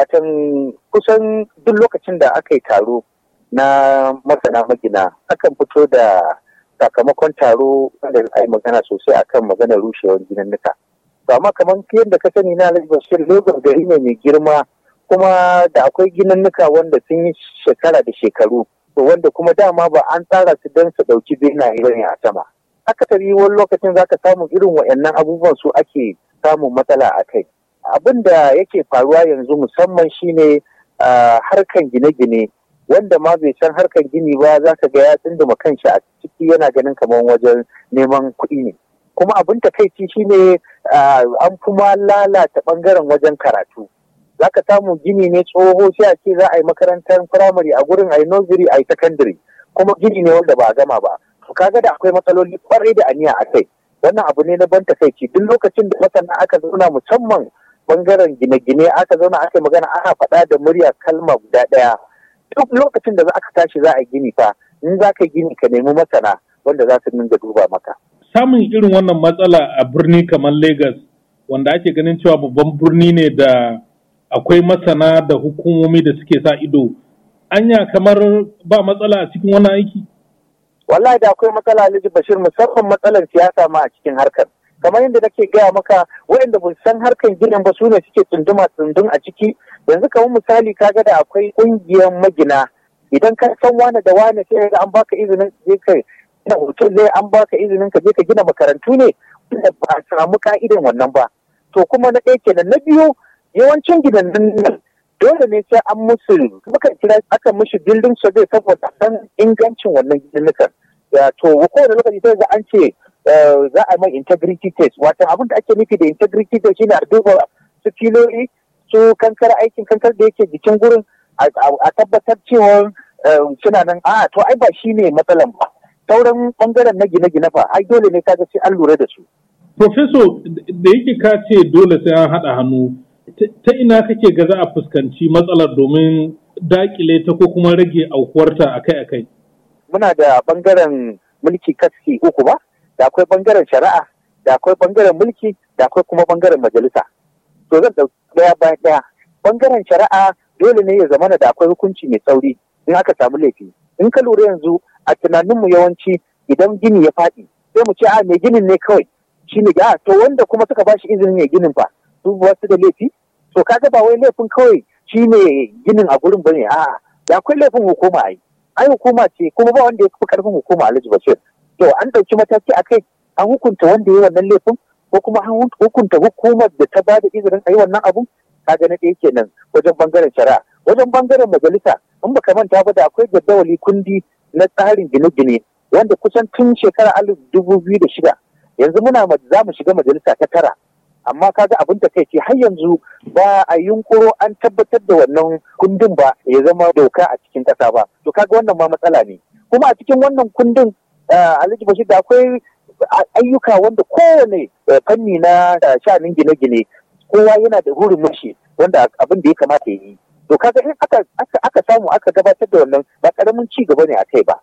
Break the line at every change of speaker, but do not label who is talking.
Watan kusan duk lokacin da aka yi taro na masana magina akan fito da sakamakon taro wanda a yi magana sosai akan magana rushewar nuka. To amma kamar yadda ka sani na Alhaji Bashir Lagos gari ne mai girma kuma da akwai nuka wanda sun yi shekara da shekaru. To wanda kuma dama ba an tsara su don su ɗauki benaye ne a sama. akasari wani lokacin za ka samu irin waɗannan abubuwan su ake samun matsala a kai. abin da yake faruwa yanzu musamman shine harkan gine-gine wanda ma bai san harkan gini ba za ka ga ya tsinduma kanshi a ciki yana ganin kamar wajen neman kuɗi ne kuma abin takaici shine an kuma lalata ɓangaren wajen karatu za ka samu gini ne tsoho sai a ce za a yi makarantar firamare a gurin a yi nursery a yi secondary kuma gini ne wanda ba a gama ba to kaga da akwai matsaloli kwarai da aniya a kai wannan abu ne na ban takaici duk lokacin da masana aka zauna musamman bangaren gine-gine aka zauna aka yi magana ana faɗa da murya kalma guda ɗaya duk lokacin da za aka tashi za a gini fa in za ka gini ka nemi masana wanda za su dinga duba maka.
Samun irin wannan matsala a birni kamar Legas wanda ake ganin cewa babban birni ne da akwai masana da hukumomi da suke sa ido anya kamar ba matsala a cikin wannan aiki?
Wallahi da akwai matsala Alhaji Bashir musamman matsalar siyasa ma a cikin harkar. kamar yadda nake gaya maka waɗanda ba san harkan ginin ba sune suke tsunduma tundun a ciki yanzu kamar misali ka ga da akwai ƙungiyar magina idan ka san wane da wane sai an baka izinin je ka gina hoto ne an baka izinin ka je ka gina makarantu ne wanda ba a samu ka'idan wannan ba to kuma na ɗaya kenan na biyu yawancin gidannin dole ne sai an musu muka kira aka mishi building survey saboda san ingancin wannan Ya to kowane lokaci sai an ce Eh, za a mai integrity test wato abin da ake nufi da integrity test shine a duba su filoli su kankar aikin kankar da yake jikin gurin a tabbatar cewa eh, suna nan a ah, to ai ba shine matsalan ba sauran bangaren na gine-gine fa ai dole ne kaga sai an lura da su
Profeso da yake ka ce dole sai an haɗa hannu ta ina kake ga za a fuskanci matsalar domin dakile ta ko kuma rage aukuwarta akai-akai
muna da bangaren mulki kaski uku ba da akwai bangaren shari'a da akwai bangaren mulki da akwai kuma bangaren majalisa to zan da ɗaya bayan ɗaya bangaren shari'a dole ne ya zamana da akwai hukunci mai tsauri in aka samu laifi in ka lura yanzu a tunaninmu yawanci idan gini ya faɗi sai mu ce a ah, mai ginin ne kawai shi ne ga ah, to wanda kuma suka bashi izinin ya ginin fa su ba su da laifi to kaga ba wai laifin kawai shine ginin a gurin bane a'a da akwai laifin hukuma a yi. ai hukuma ce kuma ba wanda ya fi karfin hukuma Alhaji Bashir to an ɗauki mataki a kai an hukunta wanda ya wannan laifin ko kuma an hukunta hukumar da ta bada izinin a yi wannan abun kaga na ɗaya kenan wajen bangaren shari'a wajen bangaren majalisa in baka manta ba da akwai jadawali kundi na tsarin gine-gine wanda kusan tun shekara alif dubu biyu da shida yanzu muna za mu shiga majalisa ta tara amma ka ga abin da kai ce har yanzu ba a yunkuro an tabbatar da wannan kundin ba ya zama doka a cikin ƙasa ba to kaga wannan ma matsala ne kuma a cikin wannan kundin Eh, alhaji bashir da akwai ayyuka wanda kowane eh, fanni na eh, sha'anin gine-gine kowa yana da hurin shi wanda abin da ya kamata ya yi to kaga in aka samu aka gabatar da wannan ba karamin ci gaba ne a kai ba